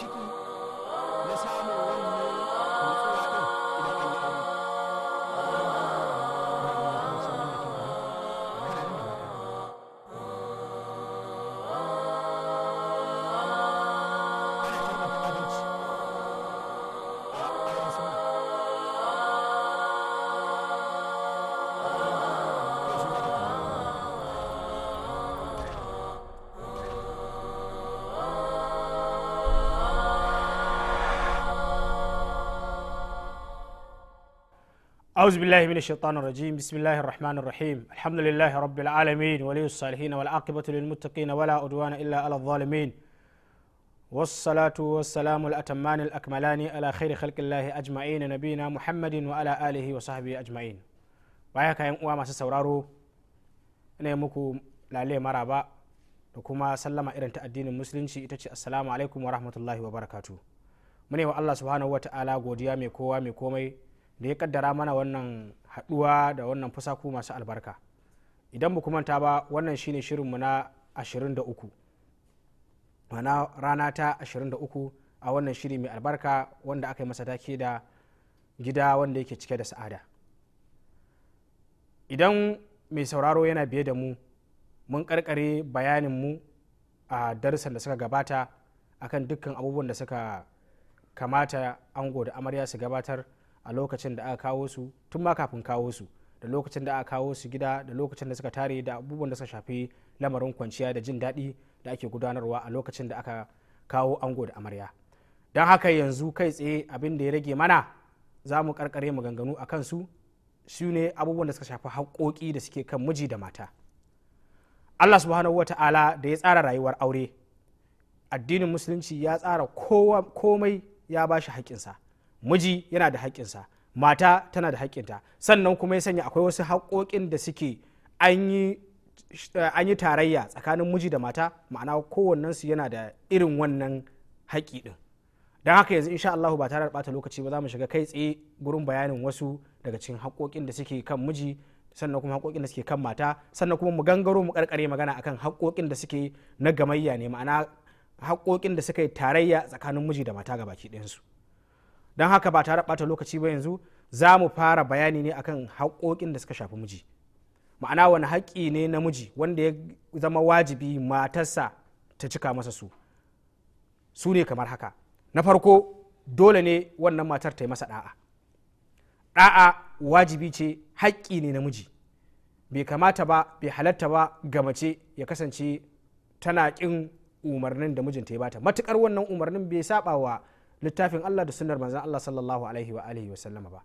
마시고 أعوذ بالله من الشيطان الرجيم بسم الله الرحمن الرحيم الحمد لله رب العالمين ولي الصالحين والعاقبة للمتقين ولا عدوان إلا على الظالمين والصلاة والسلام الأتمان الأكملان على خير خلق الله أجمعين نبينا محمد وعلى آله وصحبه أجمعين bayaka yan uwa masu sauraro ne muku lale maraba da kuma sallama irin ta addinin musulunci ita ce assalamu alaikum wa rahmatullahi wa barakatu mune wa Allah subhanahu wa ta'ala godiya mai kowa mai komai da ya kaddara mana wannan haɗuwa da wannan fasaku masu albarka idan ba manta ba wannan shine shirinmu na 23 mana rana ta 23 a wannan shiri mai albarka wanda aka yi masa take da gida wanda yake cike da sa'ada idan mai sauraro yana biye da mu mun karkare bayanin mu a darussan da suka gabata akan dukkan abubuwan da suka kamata ango da amarya su gabatar a lokacin da aka kawo su tun ma kafin kawo su da lokacin da aka kawo su gida da lokacin da suka tare da abubuwan da suka shafi lamarin kwanciya da jin daɗi da ake gudanarwa a lokacin da aka kawo ango da amarya don haka yanzu kai tsaye abin da ya rage mana za mu karkare maganganu a kansu su ne abubuwan da suka shafi haƙoƙi da suke kan miji da mata allah subhanahu wa ta'ala da ya tsara rayuwar aure addinin musulunci ya tsara komai ya ba shi haƙƙinsa miji yana da haƙƙinsa mata tana da haƙƙinta sannan kuma ya sanya akwai wasu haƙoƙin da suke an yi tarayya tsakanin miji da mata ma'ana kowannensu yana da irin wannan haƙƙi ɗin don haka yanzu insha Allah ba tare da bata lokaci ba za mu shiga kai tsaye gurin bayanin wasu daga cikin haƙoƙin da suke kan miji sannan kuma haƙoƙin da suke kan mata sannan kuma mu gangaro mu karkare magana akan haƙoƙin da suke na gamayya ne ma'ana haƙoƙin da suka yi tarayya tsakanin miji da mata gabaki ɗayansu. su don haka ba tare bata lokaci ba yanzu za mu fara bayani ne akan haƙoƙin da suka shafi miji ma'ana wani haƙƙi ne na miji wanda ya zama wajibi matarsa ta cika masa su su ne kamar haka na farko dole ne wannan matar ta yi masa ɗa'a ɗa'a wajibi ce haƙƙi ne na miji bai kamata ba bai halatta ba ga mace ya kasance tana ƙin umarnin da mijinta ya bata matukar wannan umarnin bai saba wa littafin Allah da sunnar manzon Allah sallallahu alaihi wa alihi wa sallama ba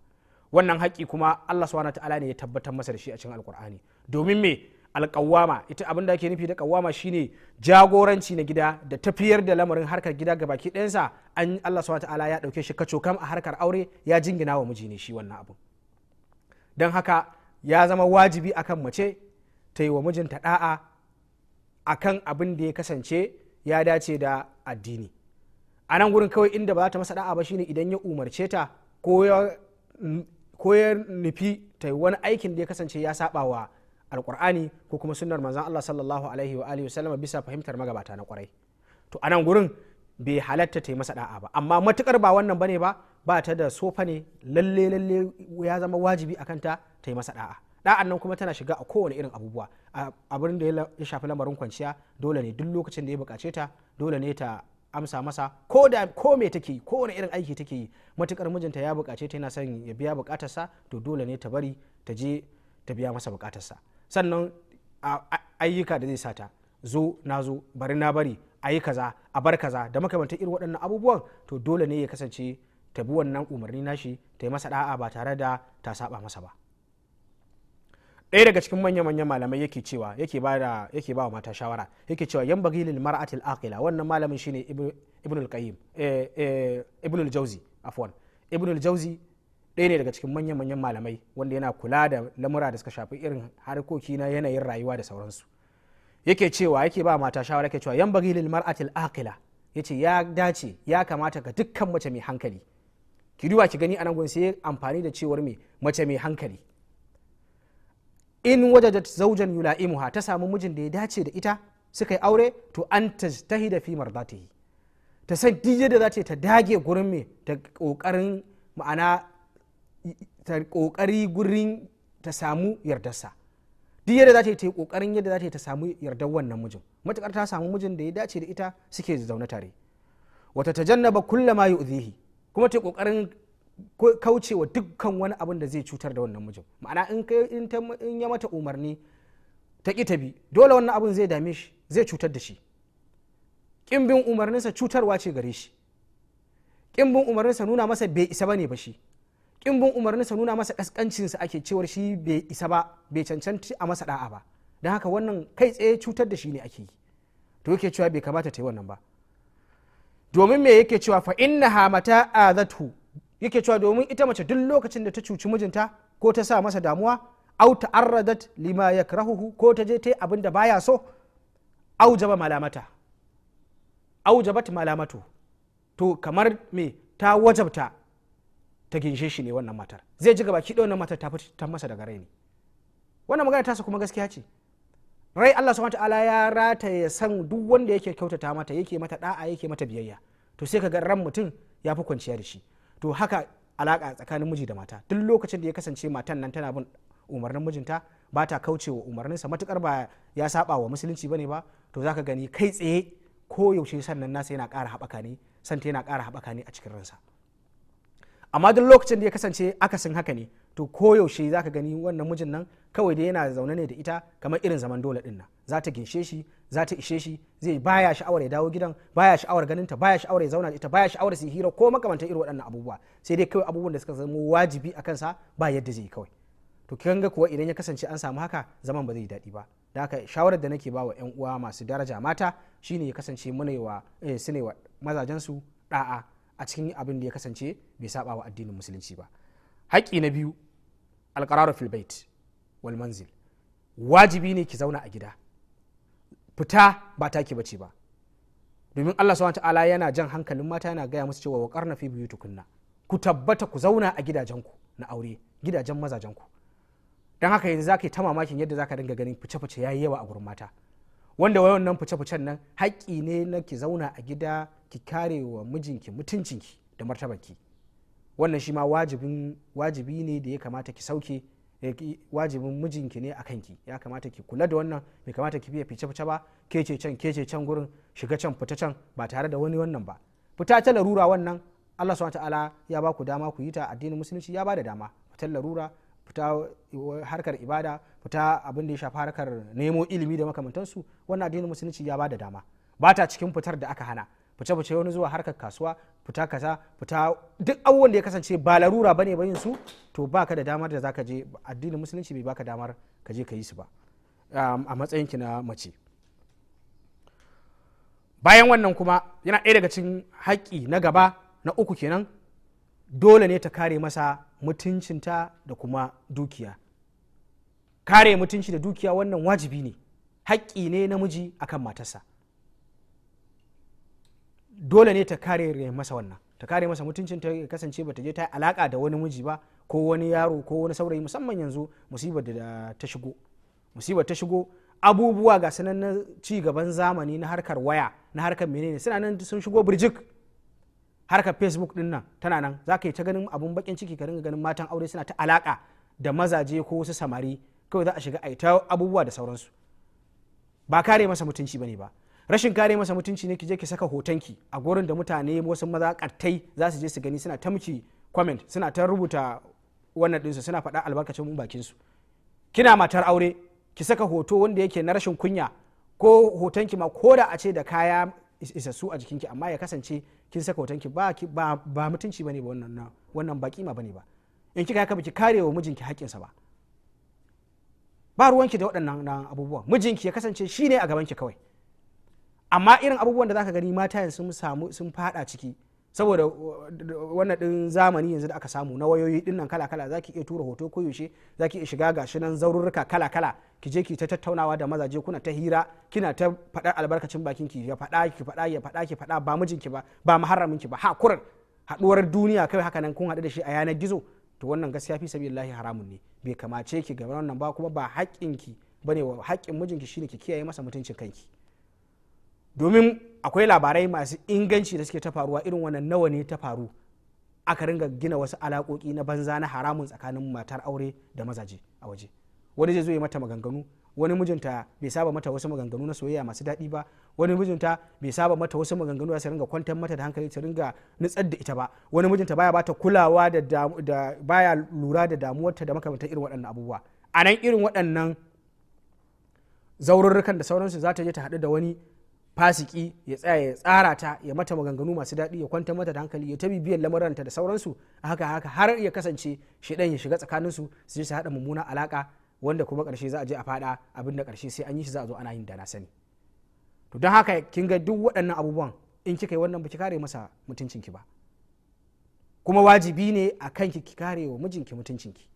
wannan haƙƙi kuma Allah subhanahu ta'ala ne ya tabbatar masa da shi a cikin alkur'ani domin me alƙawama ita abin da ake nufi da ƙawama ne jagoranci na gida da tafiyar da lamarin harkar gida ga baki ɗayansa an Allah subhanahu ta'ala ya ɗauke shi kaco kam a harkar aure ya jingina wa miji ne shi wannan abu don haka ya zama wajibi akan mace ta yi wa mijinta da'a akan abin da ya kasance ya dace da addini a nan gurin kawai inda ba za ta masa da'a ba shine idan ya umarce ta ko ya nufi ta wani aikin da ya kasance ya saba wa alkur'ani ko kuma sunnar manzan Allah sallallahu alaihi wa alihi wasallama bisa fahimtar magabata na kwarai to a nan gurin bai halatta ta yi masa da'a ba amma matukar ba wannan bane ba ba ta da sofa ne lalle lalle ya zama wajibi akan ta ta yi masa da'a da'an nan kuma tana shiga a kowane irin abubuwa abin da ya shafi lamarin kwanciya dole ne duk lokacin da ya bukace ta dole ne ta amsa masa ko da ko me take yi ko irin aiki take yi matukar mijinta ya bukace ta yana son ya biya bukatarsa to dole ne ta bari ta je ta biya masa bukatarsa sannan ayyuka da zai sata zo na zo bari na bari a yi kaza a bar kaza da makamantar irin waɗannan abubuwan to dole ne ya kasance ta bi wannan umarni nashi ta yi masa da'a ba tare da ta saba masa ba ɗaya daga cikin manya manyan malamai yake cewa yake ba da yake ba wa mata shawara yake cewa yan bagi lil mar'atil aqila wannan malamin shine ibn al-qayyim eh, eh, ibn al-jawzi afwan ibn al-jawzi ɗaya ne daga cikin manyan manyan malamai wanda yana kula da lamura da suka shafi irin harkoki na yanayin rayuwa da sauransu yake cewa yake ba mata shawara yake cewa yan bagi lil mar'atil aqila yace ya dace ya kamata ga dukkan mace mai hankali ki duba ki gani anan gun sai amfani da cewar mai mace mai hankali in wajajat zaujan yula'imuha ta samu mijin da ya dace da ita suka yi aure to an tajtahida fimar mardatihi ta san duk da za ta ta dage gurin me ta kokarin ma'ana ta kokari gurin ta samu yardarsa duk da za ta yi kokarin yadda za ta ta samu yardar wannan mijin matukar ta samu mijin da ya dace da ita suke zaune tare wata tajannaba kulla ma yu'zihi kuma ta kokarin kaucewa dukkan wani abin da zai cutar da wannan mijin ma'ana in in ya mata umarni ta ki ta bi dole wannan abin zai dame shi zai cutar da shi kin bin umarninsa cutarwa ce gare shi kin bin umarninsa nuna masa bai isa bane ba shi kin bin umarninsa nuna masa sa ake cewar shi bai isa ba bai cancanci a masa da'a ba don haka wannan kai tsaye cutar da shi ne ake yi to yake cewa bai kamata ta yi wannan ba domin me yake cewa fa innaha mata azathu yake cewa domin ita mace duk lokacin da ta cuci mijinta ko ta sa masa damuwa au ta'arradat lima yakrahuhu ko ta je ta yi abin da baya so aujaba malamata aujabat malamatu to kamar me ta wajabta ta ginshe shi ne wannan matar zai ji gaba ki wannan matar ta ta masa daga rai ne wannan magana tasa kuma gaskiya ce rai Allah subhanahu ta'ala ya rataye san duk wanda yake kyautata mata yake mata da'a yake mata biyayya to sai ka ga ran mutum ya fi kwanciya da shi to haka alaka tsakanin miji da mata duk lokacin da ya kasance matan nan tana bin umarnin mijinta ba ta kaucewa umarninsa matukar ba ya saba wa musulunci bane ba to zaka gani kai tsaye ko yaushe sannan nasa yana ƙara haɓaka ne santa yana ƙara haɓaka ne a cikin ransa amma duk lokacin da ya kasance akasin haka ne to koyaushe za ka gani wannan mijin nan kawai da yana zaune ne da ita kamar irin zaman dole din nan za ta ginshe shi za ta ishe shi zai baya sha'awar ya dawo gidan baya sha'awar ganin ta baya sha'awar ya zauna da ita baya sha'awar su hira ko makamantar irin waɗannan abubuwa sai dai kawai abubuwan da suka zama wajibi a kansa ba yadda zai kawai to kin ga kuwa idan ya kasance an samu haka zaman ba zai daɗi ba da haka shawarar da nake ba wa 'yan uwa masu daraja mata shine ya kasance muna wa eh, su ne wa da'a a cikin abin da ya kasance bai saba wa addinin musulunci ba haƙƙi na biyu alƙararu filbait wal manzil wajibi ne ki zauna a gida fita ba ta taki bace ba domin Allah subhanahu ta'ala yana jan hankalin mata yana gaya musu cewa wa na fi tukunna ku tabbata ku zauna a gidajenku na aure gidajen mazajenku dan haka yanzu zaka yi ta mamakin yadda zaka dinga ganin fice-fice ya yi yawa a gurin mata wanda wayon nan fice-ficen nan haƙƙi ne na ki zauna a gida ki kare wa mijinki mutuncinki da martabarki wannan shi ma wajibi ne da ya kamata ki sauke eh, wajibin mijinki ne a kanki ya kamata ki kula da wannan bai kamata ki biya fice fice ba kece can kece can gurin shiga can fita can ba tare da wani wannan ba fita ta larura wannan Allah subhanahu ta'ala ya ba ku dama ku yi ta addinin musulunci ya ba dama fita larura fita eh, harkar ibada fita abin da ya shafi harkar nemo ilimi da makamantansu wannan addinin musulunci ya ba da dama ba ta cikin fitar da aka hana fice-fice wani zuwa harkar kasuwa fita kaza fita duk abubuwan da ya kasance ba larura bane ba yin su to baka da damar da zaka je addinin musulunci bai baka damar ka je ka yi su ba um, a matsayin ki na mace bayan wannan kuma yana ɗaya daga cikin haƙƙi na gaba na uku kenan dole ne ta kare masa mutuncinta da kuma dukiya kare mutunci da dukiya wannan wajibi ne haƙƙi ne namiji akan matarsa dole ne ta kare masa wannan ta kare masa mutuncin ta kasance bata je ta yi alaka da wani miji ba ko wani yaro ko wani saurayi musamman yanzu musibar da ta shigo musibar ta shigo abubuwa ga sanan na ci gaban zamani na harkar waya na harkar menene suna nan sun shigo birjik harkar facebook din nan tana nan za ka yi ta ganin abun bakin ciki ka dinga ganin matan aure suna ta alaka da mazaje ko wasu samari kawai za a shiga a yi ta abubuwa da sauransu ba kare masa mutunci bane ba rashin kare masa mutunci ne ki je ki saka hotonki a gurin da mutane wasu maza kattai za su je su gani suna ta miki comment suna ta rubuta wannan dinsu suna faɗa albarkacin bakin su kina matar aure ki saka hoto wanda yake na rashin kunya ko hotonki ma ko da a ce da kaya isassu a jikinki amma ya kasance kin saka hotonki ba ba, mutunci bane ba wannan wannan baki ma bane ba in kika haka baki kare wa mijinki haƙƙinsa ba ba ruwanki da waɗannan abubuwa mijinki ya kasance shi ne a ki kawai amma irin abubuwan da zaka gani mata yanzu sun samu sun fada ciki saboda uh, wannan din zamani yanzu da aka samu na wayoyi din nan kala kala zaki iya tura hoto ko yaushe zaki iya shiga gashi nan zaururruka kala kala ki je ki ta tattaunawa da mazaje kuna ta hira kina ta fada albarkacin bakin ki ya fada ki faɗa ya fada ki fada ba mijinki ba ba muharramin ki ba ha haduwar haɗuwar duniya kai haka nan kun hadu da shi a yanar gizo to wannan gaskiya fi sabilillahi haramun ne bai kamace ki ga wannan ba kuma ba haƙƙinki ki bane wa haƙƙin mijinki shine ki kiyaye masa mutuncin kanki domin akwai labarai masu inganci da suke ta faruwa irin wannan nawa ne ta faru aka ringa gina wasu alaƙoƙi na banza na haramun tsakanin matar aure da mazaje a waje wani zai zo ya mata maganganu wani mijinta bai saba mata wasu maganganu na soyayya masu daɗi ba wani mijinta bai saba mata wasu maganganu da su ringa kwantar mata da hankali su ringa nutsar da ita ba wani mijinta baya bata kulawa da, da baya lura da damuwarta da makamantar irin waɗannan abubuwa a nan irin waɗannan zaurarrukan da sauransu za ta je ta haɗu da wani fasiki ya tsaya ya tsara ta ya mata maganganu masu daɗi ya kwanta mata da hankali ya ta bibiyar lamaranta da sauransu haka haka har ya kasance shaidan ya shiga tsakaninsu su je su haɗa mummuna alaka wanda kuma karshe za a je a faɗa da karshe sai an yi shi za a zo ana yin da na sani to don haka kin ga duk waɗannan abubuwan in kika yi wannan ba ki kare masa mutuncinki ba kuma wajibi ne a kanki ki kare wa mijinki mutuncinki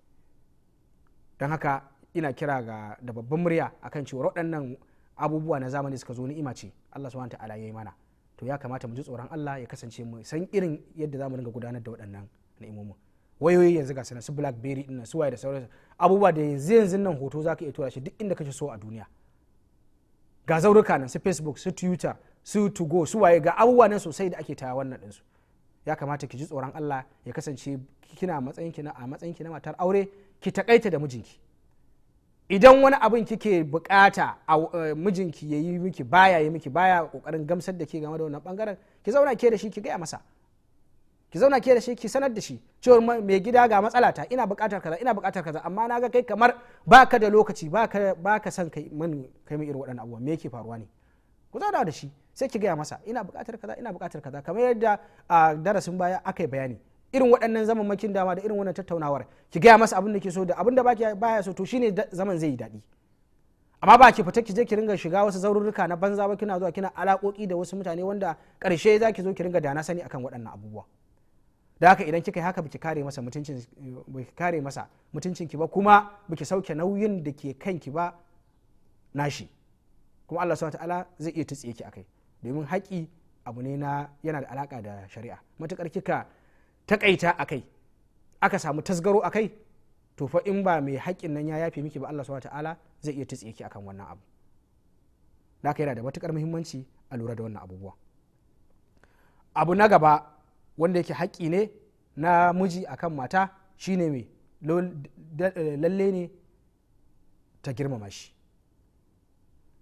don haka ina kira ga da babban murya akan cewa waɗannan abubuwa na zamani suka zo ni'ima ce Allah subhanahu ta'ala yayi mana to ya kamata mu ji tsoron Allah ya kasance mu san irin yadda zamu dinga gudanar da waɗannan ni'imomin wayoyi yanzu ga sanan su blackberry din su waye da sauran abubuwa da yanzu yanzu nan hoto zaka iya tura shi duk inda kake so a duniya ga zauruka nan su facebook su twitter su to go su waye ga abubuwa nan sosai da ake taya wannan su ya kamata ki ji tsoron Allah ya kasance kina matsayin kina a matsayin kina matar aure ki takaita da mijinki idan wani abin kike bukata a eh, mijinki ya yi miki baya yi miki baya kokarin gamsar da ke game da wannan bangaren ki zauna ke da shi ki gaya masa ki zauna ke da shi ki sanar da shi cewar mai gida ga matsala ta ina bukatar kaza ina bukatar kaza amma na ga kai kamar baka da lokaci baka baka son kai min kai min irin waɗannan abubuwa me yake faruwa ne ku zauna da shi sai ki gaya masa ina bukatar kaza ina bukatar kaza kamar yadda a ah, darasin baya aka yi bayani irin waɗannan zamanmakin dama da irin wannan tattaunawar ki gaya masa abin da ke so da abin da baya so to shine zaman zai yi daɗi amma ba ki fita ki je ki ringa shiga wasu zaururruka na banza ba kina zuwa kina alakoki da wasu mutane wanda karshe za ki zo ki ringa dana sani akan waɗannan abubuwa da haka idan kika yi haka biki kare masa mutuncin biki kare masa mutuncin ki ba kuma biki sauke nauyin da ke kanki ba nashi kuma Allah subhanahu ta'ala zai iya tutsiye ki akai domin haƙi abu ne na yana da alaka da shari'a matukar kika takaita a kai aka samu tasgaro a kai to fa in ba mai haƙƙin nan ya yafe miki ba Allah subhanahu ta'ala zai iya tutsi ki akan wannan abu da yana da matukar muhimmanci a lura da wannan abubuwa abu na gaba wanda yake haƙƙi ne na miji akan mata shine mai eh, lalle ne ta girmama shi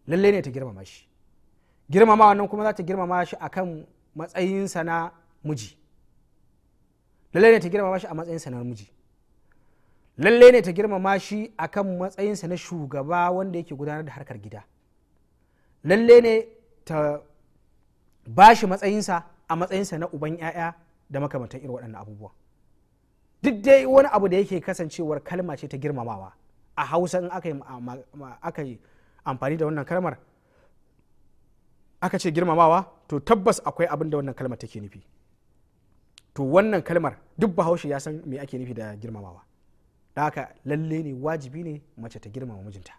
lalle ne ta girmama shi girmama wannan kuma za ta girmama shi akan matsayinsa na miji lallai ne ta girmama shi a matsayinsa na namiji lallai ne ta girmama shi a kan matsayinsa na shugaba wanda yake gudanar da harkar gida lallai ne ta ba shi matsayinsa a matsayinsa na uban 'ya'ya da makamantan irin waɗannan abubuwa duk dai wani abu da yake kasancewar kalma ce ta girmamawa a hausa in aka yi amfani da wannan kalmar aka ce girmamawa to tabbas akwai abin da wannan kalmar take nufi to wannan kalmar duk bahaushe ya san me ake nufi da girmamawa da haka lalle ne wajibi ne mace ta girmama mijinta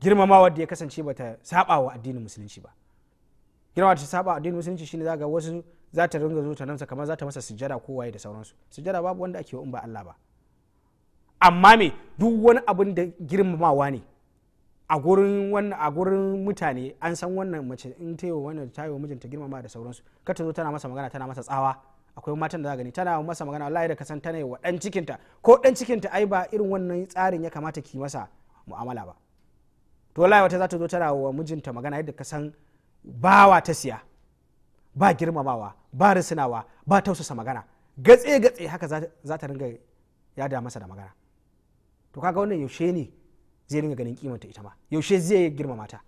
girmamawa da ya kasance bata saba wa addinin musulunci ba girmama ta saba addinin musulunci shine zaga wasu za ta ringa zo ta nansa kamar za ta masa sujjada ko waye da sauransu sujjada babu wanda ake wa in ba Allah ba amma me duk wani abin da girmamawa ne a gurin wannan a gurin mutane an san wannan mace in ta yi wannan ta yi mijinta girmama da sauransu ka ta zo tana masa magana tana masa tsawa akwai matan da za gani tana masa magana wallahi da kasan tana wa dan cikinta ko dan cikinta ai ba irin wannan tsarin ya kamata ki masa mu'amala ba to wallahi wata za ta zo tana wa mijinta magana yadda ka san bawa ta siya ba girmamawa ba risinawa ba tausasa magana gatse gatse haka za ta ringa yada masa da magana to kaga wannan yaushe ne zai ringa ganin kimanta ita ma yaushe zai yi girma mata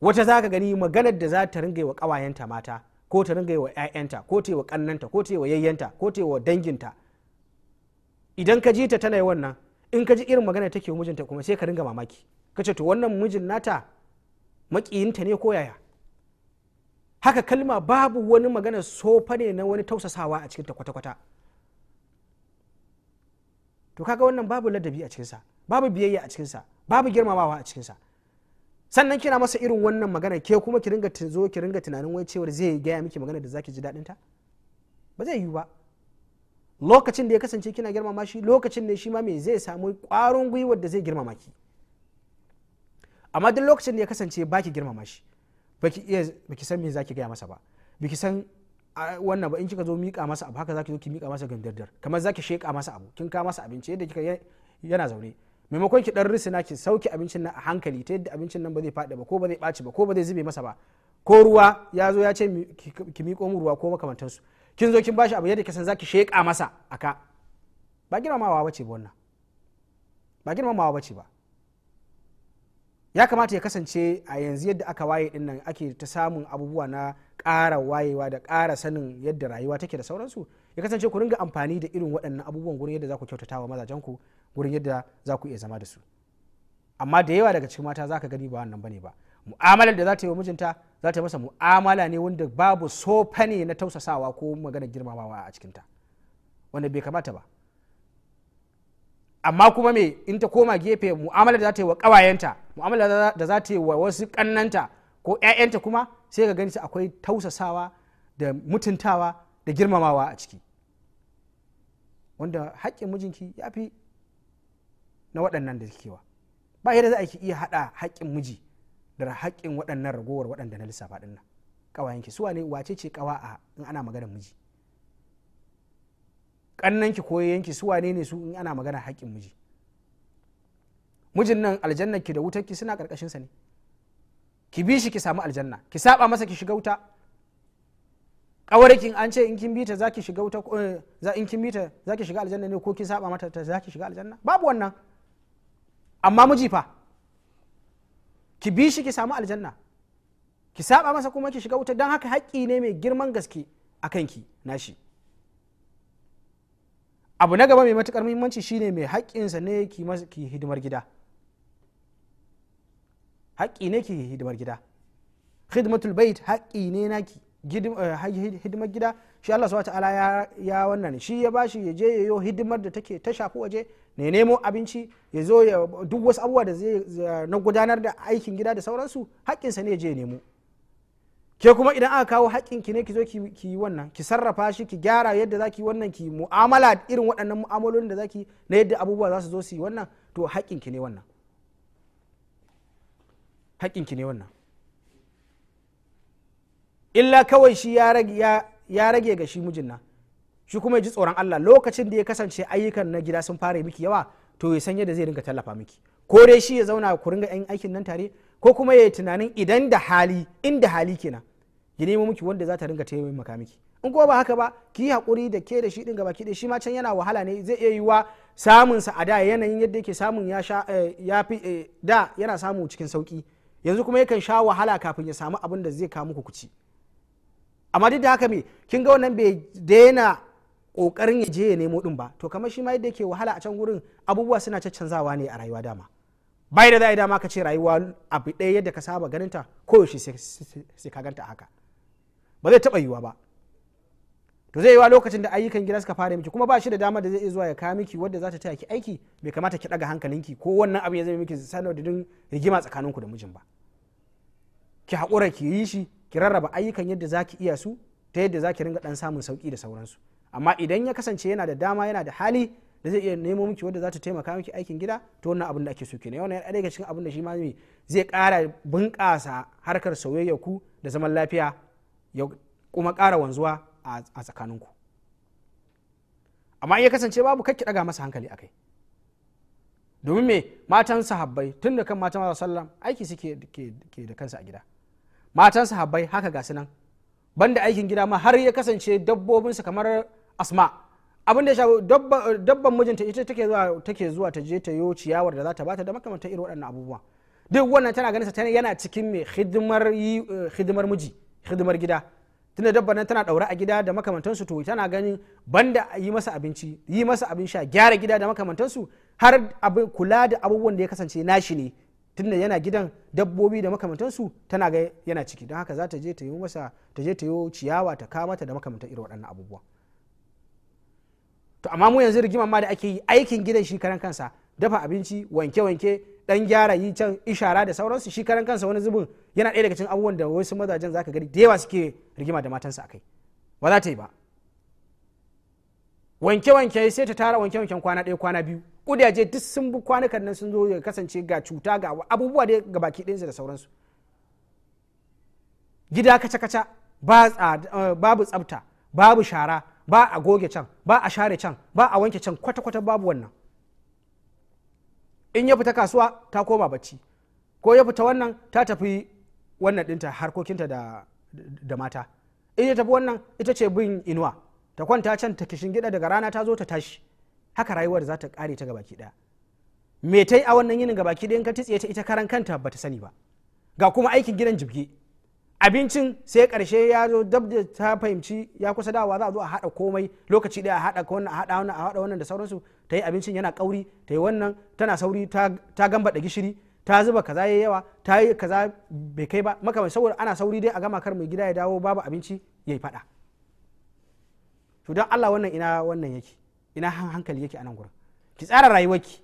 wata za ka gani maganar da za ta ringa yi wa kawayenta mata ko ta ringa yi wa 'ya'yanta ko ta yi wa ƙannanta ko ta yi wa yayyanta ko ta yi wa danginta idan ka ji ta tana yi wannan in ka ji irin magana take wa mijinta kuma sai ka ringa mamaki ka ce to wannan mijin nata makiyinta ne ko yaya haka kalma babu wani magana sofa ne na wani tausasawa a cikin ta kwata-kwata to kaga wannan babu ladabi a cikinsa babu biyayya a cikinsa babu girmamawa a cikinsa sannan kina masa irin wannan magana ke kuma ki ringa zo ki ringa tunanin wai cewar zai gaya miki magana da zaki ji daɗin ta ba zai yiwu ba lokacin da ya kasance kina girmama shi lokacin ne shi ma mai zai samu ƙwarin gwiwar da zai girmama ki amma duk lokacin da ya kasance baki girmama shi baki iya baki san me zaki gaya masa ba baki san wannan ba in kika zo mika masa abu haka zaki zo ki mika masa gandardar kamar zaki sheka masa abu kin ka masa abinci yadda kika yana zaune maimakon ki dan risina ki sauki abincin nan a hankali ta yadda abincin nan ba zai faɗi ba ko ba zai ɓaci ba ko ba zai zube masa ba ko ruwa ya zo ya ce ki miko mu ruwa ko su kin zo kin bashi abu yadda kisan zaki sheka masa aka ba girmamawa bace ba wannan ba girmamawa bace ba ya kamata ya kasance a yanzu yadda aka waye din nan ake ta samun abubuwa na ƙara wayewa da ƙara sanin yadda rayuwa take da sauransu ya kasance ku ringa amfani da irin waɗannan abubuwan gurin yadda za ku kyautata wa mazajen ku gurin yadda za ku iya zama da su amma da yawa daga cikin mata za ka gani ba wannan bane ba mu'amalar da za ta yi wa mijinta za ta masa mu'amala ne wanda babu sofa ne na tausasawa ko maganar girmamawa a cikinta wanda bai kamata ba amma kuma me in ta koma gefe mu'amalar da za ta yi wa ƙawayenta mu'amala da za ta yi wa wasu kannanta ko 'ya'yanta kuma sai ka gani akwai tausasawa da mutuntawa da girmamawa a ciki wanda haƙƙin mijinki ya fi na waɗannan da kewa ba yadda za a iya haɗa haƙƙin miji da haƙƙin waɗannan ragowar waɗanda na lissafa ɗin nan ƙawayenki suwa ne wace ce ƙawa a in ana maganar miji ƙannanki ko yanki suwa ne ne su in ana maganar haƙƙin miji mijin nan aljanna ki da wutar ki suna karkashin sa ne ki bi shi ki samu aljanna ki saba masa ki shiga wuta kawarkin an ce in kin bi ta zaki shiga wuta eh, za in kin bi ta zaki shiga aljanna ne ko kin saba mata ta zaki shiga aljanna babu wannan amma miji fa ki bi shi ki samu aljanna ki saba masa kuma ki shiga wuta don haka haƙƙi ne mai girman gaske a kanki nashi abu na gaba mai matukar muhimmanci shine mai haƙƙinsa ne ki hidimar gida haƙƙi ne ki hidimar gida khidmatul bait haƙƙi ne ki eh, hidimar gida shi Allah subhanahu ta'ala ya wannan shi ya bashi ya je yayo hidimar da take ta shafi waje ne nemo abinci ya zo ya duk wasu abubuwa da zai na gudanar da aikin gida da sauransu sa ne je ya nemo ke kuma idan aka kawo haƙƙin ki ne ki zo ki yi wannan ki sarrafa shi ki gyara yadda zaki wannan ki mu'amala irin waɗannan mu'amalolin da zaki na yadda abubuwa za su zo su yi wannan to haƙƙin ki ne wannan haƙƙinki ne wannan illa kawai shi ya rage ga shi mijin nan shi kuma ya ji tsoron Allah lokacin da ya kasance ayyukan na gida sun fara miki yawa to ya san yadda zai dinga tallafa miki ko dai shi ya zauna ku ringa yan aikin nan tare ko kuma ya yi tunanin idan da hali in da hali kenan ya nemo miki wanda za ta ringa taimaka miki in kuma ba haka ba ki yi haƙuri da ke da shi ɗin gabaki da shi ma can yana wahala ne zai iya yiwa samun sa a da yanayin yadda yake samun ya sha eh, ya fi eh, da yana samu cikin sauki yanzu kuma yakan sha wahala kafin ya samu abin da zai kawo muku kuci amma duk da haka me kin ga wannan bai daina kokarin ya je ya nemo din ba to kamar shi ma yadda yake wahala a can gurin abubuwa suna caccanzawa ne a rayuwa dama bai da za dama ka ce rayuwa abu ɗaya yadda ka saba ganinta koyaushe sai ka ganta haka ba zai taɓa yiwuwa ba to zai yiwa lokacin da ayyukan gida suka fara miki kuma ba shi da dama da zai iya zuwa ya kawo miki wadda za ta taya ki aiki bai kamata ki ɗaga hankalinki ko wannan abu ya zama miki sanar da rigima tsakaninku da mijin ba ki haƙura ki yi shi ki rarraba ayyukan yadda za ki iya su ta yadda za ki ringa ɗan samun sauƙi da sauransu amma idan ya kasance yana da dama yana da hali da zai iya nemo miki wadda za ta taimaka miki aikin gida to wannan abin da ake so kenan wannan ɗaya daga cikin abin da shi ma zai ƙara bunƙasa harkar soyayya ku da zaman lafiya ya kuma ƙara wanzuwa a tsakaninku amma in ya kasance babu ki ɗaga masa hankali akai domin me matan sahabbai tun da kan matan sallam aiki suke da kansu a gida matan sahabbai haka ga nan banda aikin gida ma har ya kasance su kamar asma abin da ya shafi dabban mijinta ita take zuwa take zuwa ta je ta yo ciyawar da za ta bata da makamantar irin waɗannan abubuwa duk wannan tana ganin sa yana cikin mai hidimar eh, hidimar miji hidimar gida tunda dabban nan tana daure a gida da makamantansu to tana ganin banda yi masa abinci yi masa abin sha gyara gida da makamantansu har kula da abubuwan da ya kasance nashi ne tunda yana gidan dabbobi da makamantansu tana ga yana ciki don haka za ta je ta yi masa ta je ta yi ciyawa ta kama ta da makamantar irin waɗannan abubuwa to amma mu yanzu rigimar ma da ake yi aikin gidan shi karan kansa dafa abinci wanke wanke dan gyara yi can ishara da sauransu shi karan kansa wani zubin yana ɗaya daga cikin abubuwan da wasu mazajen zaka gani da yawa suke rigima da matansa akai ba za ta yi ba wanke-wanke sai ta tara wanke-wanken kwana ɗaya kwana biyu kudaje duk sun bi kwanukan nan sun zo ya kasance ga cuta ga abubuwa dai ga baki ɗinsu da sauransu gida kaca-kaca eh, babu tsafta babu shara ba a goge can ba a share can ba a wanke can kwata-kwata babu wannan in ya fita kasuwa ta koma bacci ko ya fita wannan ta tafi wannan ɗinta harkokinta da, da mata in ya tafi wannan ita ce bin inuwa ta kwanta can ta gida daga rana ta zo ta tashi haka rayuwar za ta kare ta gabaki daya me ta yi a wannan yinin gabaki daya in ka titsiye ta ita karan kanta ba ta sani ba ga kuma aikin gidan jibge abincin sai karshe ya zo dab da ta fahimci ya kusa dawa za a zo a hada komai lokaci daya a hada wannan a hada wannan a hada wannan da sauransu ta yi abincin yana kauri ta yi wannan tana sauri ta gambaɗa gishiri ta zuba kaza yayi yawa ta yi kaza bai kai ba makamai saboda ana sauri dai a gama kar mai gida ya dawo babu abinci yayi fada to don Allah wannan ina wannan yake ina hankali yake a nan gurin ki tsara rayuwarki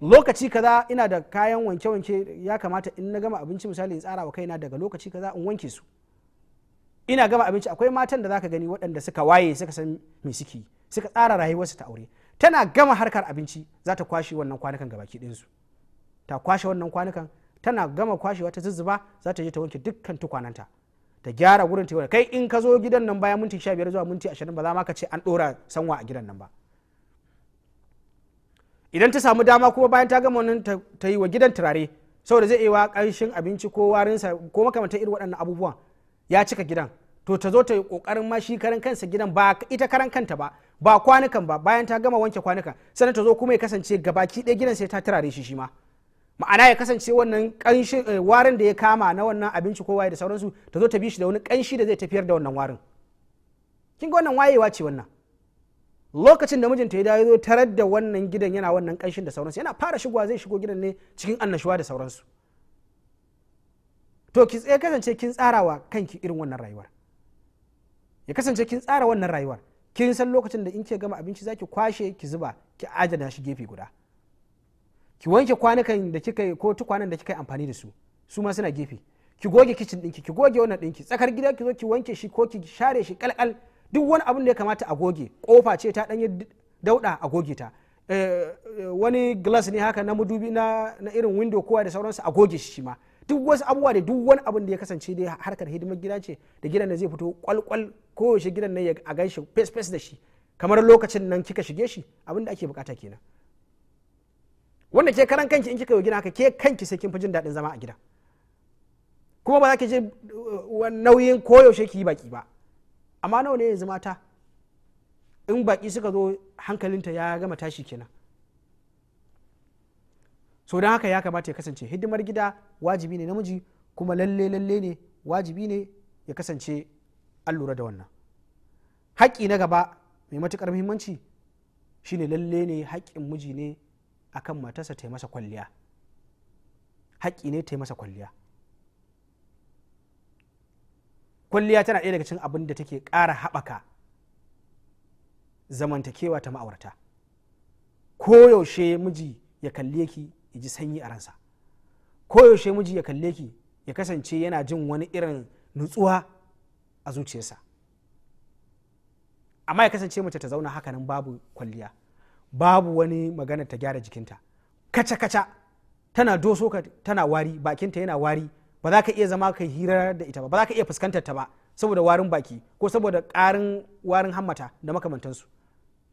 lokaci kaza ina da kayan wanke-wanke ya kamata in na gama abinci misali in tsara wa kaina daga lokaci kaza in wanke su ina gama abinci akwai matan da zaka gani waɗanda suka waye suka san me suke suka tsara rayuwarsu ta aure tana gama harkar abinci za ta kwashe wannan kwanukan gabaki ɗinsu ta kwashe wannan kwanukan tana gama kwashewa ta zuzzuba za ta je ta wanke dukkan tukwananta ta gyara gurin ta kai in ka zo gidan nan bayan minti 15 zuwa minti 20 ba za ma ka ce an dora sanwa a gidan nan ba idan ta samu dama kuma bayan ta gama wannan ta yi wa gidan turare saboda zai iya kanshin abinci ko warinsa ko makamantar irin waɗannan abubuwan ya cika gidan to ta zo ta yi kokarin ma shi karan kansa gidan ba ita karan kanta ba ba kwanukan ba bayan ta gama wanke kwanukan sannan ta zo kuma ya kasance gabaki ɗaya gidan sai ta turare shi shi ma ma'ana ya kasance wannan kanshi eh, warin da ya kama na wannan abinci ko waye da sauransu ta zo ta bi shi da wani kanshi da zai tafiyar da wannan warin kin ga wannan wayewa ce wannan lokacin da mijinta ya dawo tarar da wannan gidan yana wannan kanshin da sauransu yana fara shigowa zai shigo gidan ne cikin annashuwa da sauransu to ki tsaye kasance kin tsara wa kanki irin wannan rayuwar ya kasance kin tsara wannan rayuwar kin san lokacin da in ke gama abinci zaki kwashe ki zuba ki adana shi gefe guda ki wanke kwanukan da kika ko tukwanen da kika amfani da su su ma suna gefe ki goge kicin dinki ki goge wannan dinki tsakar gida ki zo ki wanke shi ko ki share shi kalkal duk wani abin da ya kamata a goge kofa ce ta ɗanyi dauɗa a goge ta eh, eh, wani glass ne haka na madubi na irin window kowa da sauransu a goge shi ma duk wasu abubuwa da duk wani abin da ya kasance dai harkar hidimar gida ce da gidan da zai fito kwalkwal koyaushe gidan nan a gaishe fes fes da shi kamar lokacin nan kika shige shi abin da ake bukata kenan wanda ke karan kanki in kika yi gina haka ke kanki sai kin fi jin daɗin zama a gida kuma ba za ki je uh, nauyin koyaushe ki yi baki ba amma nawa ne yanzu mata in baki suka zo hankalinta ya gama tashi kenan so don haka ya kamata ya kasance hidimar gida wajibi ne namiji kuma lalle lalle ne wajibi ne ya kasance an lura da wannan haƙƙi na gaba mai matuƙar muhimmanci shine lalle ne haƙƙin miji ne akan matarsa ta masa kwalliya haƙƙi ne ta masa kwalliya kwalliya tana ɗaya daga cikin abin da take ƙara haɓaka zamantakewa ta ma'aurata koyaushe miji ya kalle ki ya ji sanyi a ransa koyaushe miji ya kalle ki ya kasance yana jin wani irin nutsuwa a zuciyarsa amma ya kasance mace ta zauna hakanan babu kwalliya babu wani magana ta gyara jikinta kaca kaca tana doso tana wari bakinta yana wari ba za ka iya zama ka hira da ita ba ba za ka iya fuskantar ta ba saboda warin baki ko saboda ƙarin warin hammata da makamantansu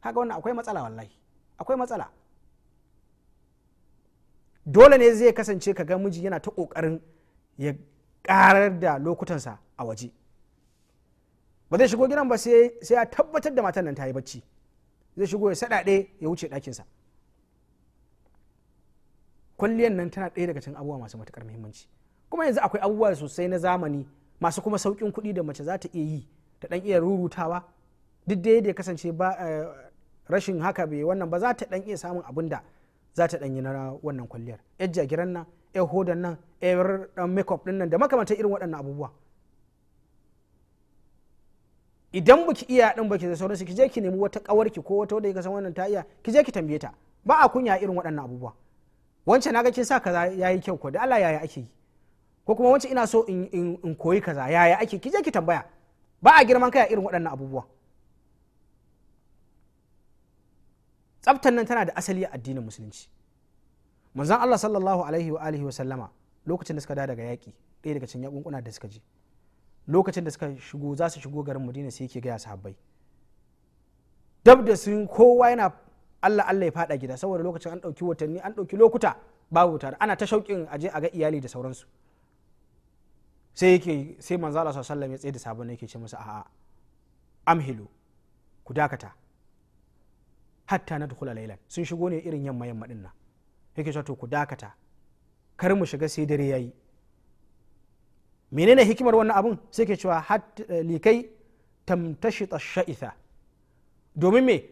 haka wannan akwai matsala wallahi akwai matsala dole ne zai kasance ka ga miji yana ta kokarin ya ƙarar da lokutansa a waje ba zai shigo gidan ba sai ya tabbatar da matan nan ta yi bacci zai shigo ya saɗaɗe ya wuce ɗakinsa kwalliyar nan tana ɗaya daga cikin abubuwa masu matuƙar muhimmanci kuma yanzu akwai abubuwa sosai na zamani masu kuma sauƙin kuɗi da mace za ta iya yi ta ɗan iya rurutawa duk da ya kasance ba eh, rashin haka bai wannan ba za ta ɗan iya samun abin da za ta ɗan yi na wannan kwalliyar yar jagiran nan yar hodan nan yar makeup ɗin nan da makamantar irin waɗannan abubuwa idan baki iya din baki da sauransu ki je ki nemi wata ki ko wata wadda kika san wannan ta iya ki je ki tambaye ta ba a kunya irin waɗannan abubuwa wancan ga kin sa kaza yayi kyau ko da Allah yaya ake yi ko kuma wancan ina so in koyi kaza yaya ake ki je ki tambaya ba a girman kai a irin waɗannan abubuwa tsaftan nan tana da asali a addinin musulunci manzon Allah sallallahu alaihi wa alihi wa sallama lokacin da suka da daga yaƙi ɗaya daga cikin yakunkuna da suka je lokacin da suka shigo za su shigo garin madina sai yake gaya sahabbai dab da sun kowa yana allah allah ya fada gida saboda lokacin an ɗauki watanni an ɗauki lokuta babu wuta ana ta shauƙin aje a ga iyali da sauransu sai yake sai manzo Allah sallallahu alaihi ya tsaye da sabon yake ce musu a'a amhilu ku dakata hatta na dukula lailan sun shigo ne irin yamma yamma din nan yake cewa to ku dakata kar mu shiga sai dare yayi menene hikimar wannan abun sai ke cewa eh, likai tamtashi sha'itha domin me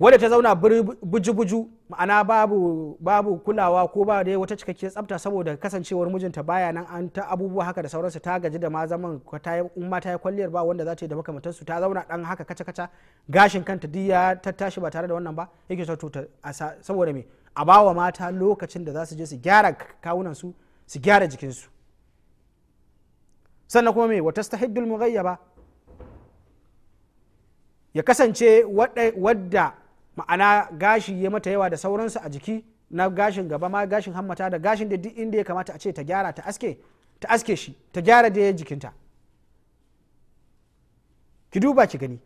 wadda ta zauna buju-buju ma'ana babu kulawa ko ba da wata cikakkiyar tsafta saboda kasancewar mijinta baya nan an ta abubuwa haka da sauransu ta gaji da ma zaman in ma ta yi kwalliyar ba wanda za ta yi da makamantarsu su ta zauna dan haka kaca kaca gashin kanta duk ya tattashi ba tare da wannan ba yake so a saboda me a bawa mata lokacin da za su je su gyara kawunan su su gyara jikinsu. sannan kuma me wa tastahiddul mughayyaba ya kasance wadda ma'ana gashi ya mata yawa da sauransu a jiki na gashin gaba ma gashin hammata da gashin da duk inda ya kamata a ce ta gyara ta aske ta aske shi ta gyara da jikinta ki duba ki gani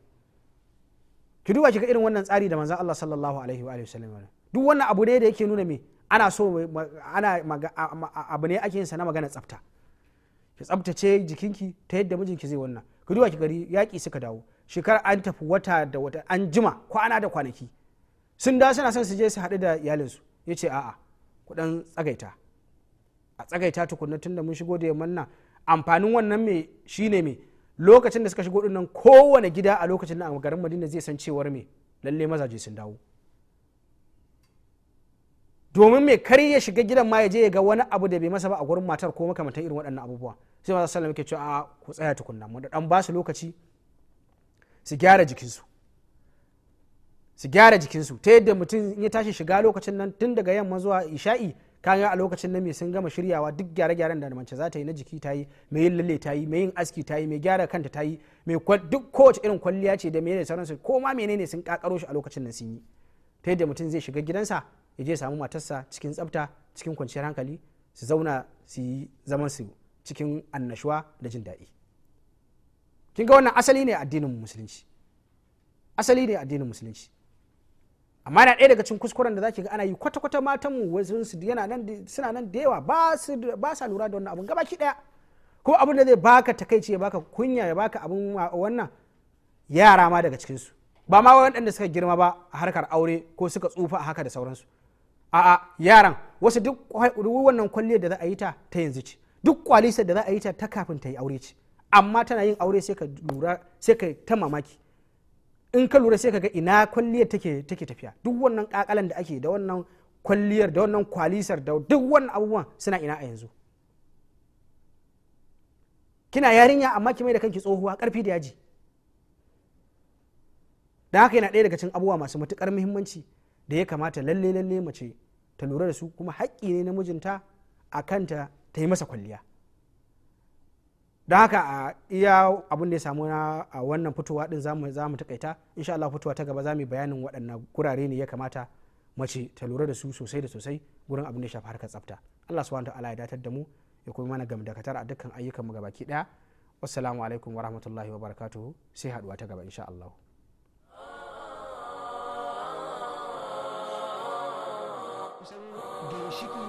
ki duba ki ga irin wannan tsari da manzon Allah sallallahu alaihi wa sallam duk wannan abu ne da yake nuna me ana so ana abu ne ake yin sa na magana tsafta ki tsabtace jikinki ta yadda mijinki zai wannan ku duba ki gari yaƙi suka dawo shekara an tafi wata da wata an jima kwana da kwanaki sun da suna son su je su haɗu da iyalinsu ya ce a'a kuɗan tsagaita a tsagaita tukunna tun da mun shigo da yamman nan amfanin wannan me shine me lokacin da suka shigo dinnan kowane gida a lokacin nan a garin madina zai san cewar me lalle mazaje sun dawo domin mai kari ya shiga gidan ma ya je ya ga wani abu da bai masa ba a gurin matar ko makamantan irin waɗannan abubuwa sai masu sallam yake cewa a ku tsaya tukunna mu da dan ba su lokaci su gyara jikinsu su gyara jikinsu ta yadda mutum in ya tashi shiga lokacin nan tun daga yamma zuwa isha'i kaga a lokacin nan mai sun gama shiryawa duk gyare-gyaren da mace za ta yi na jiki ta yi mai yin lalle ta yi mai yin aski ta yi mai gyara kanta ta yi mai duk kowace irin kwalliya ce da menene sauransu ko ma menene sun kakaro shi a lokacin nan sun yi ta yadda mutum zai shiga gidansa ya je samu matarsa cikin tsafta cikin kwanciyar hankali su zauna su yi zaman su cikin annashuwa da jin daɗi kin ga wannan asali ne addinin musulunci asali ne addinin musulunci amma na ɗaya daga cikin kuskuren da zaki ga ana yi kwata-kwata matanmu wasu yana nan suna nan da yawa ba sa lura da wannan abun gabaki ɗaya ko abin da zai baka takaici ya baka kunya ya baka abin wannan yara ma daga cikinsu ba ma waɗanda suka girma ba a harkar aure ko suka tsufa haka da sauransu a'a yaran wasu duk wannan kwalliyar da za a yi ta ta yanzu ce duk kwalisar da za a yi ta ta kafin ta yi aure ce amma tana yin aure sai ka lura sai ka ta mamaki in ka lura sai ka ga ina kwalliyar take take tafiya duk wannan kakalan da ake da wannan kwalliyar da wannan kwalisar da duk wannan abubuwan suna ina a yanzu kina yarinya amma ki mai da kanki tsohuwa karfi da yaji da haka yana ɗaya daga cikin abubuwa masu matukar muhimmanci da ya kamata lalle lalle mace ta lura da su kuma haƙƙi ne na mijinta a kanta ta yi masa kwalliya don haka a iya abin da ya samu na a wannan fitowa din za mu takaita insha Allah fitowa ta gaba za mu bayanin waɗannan gurare ne ya kamata mace ta lura da su sosai da sosai gurin abin da ya shafi harkar tsafta Allah subhanahu ta'ala ya datar da mu ya kuma mana gam dakatar a dukkan ayyukan mu gabaki daya wassalamu alaikum wa wa wabarakatuhu sai haduwa ta gaba insha Allah kusan ginshiki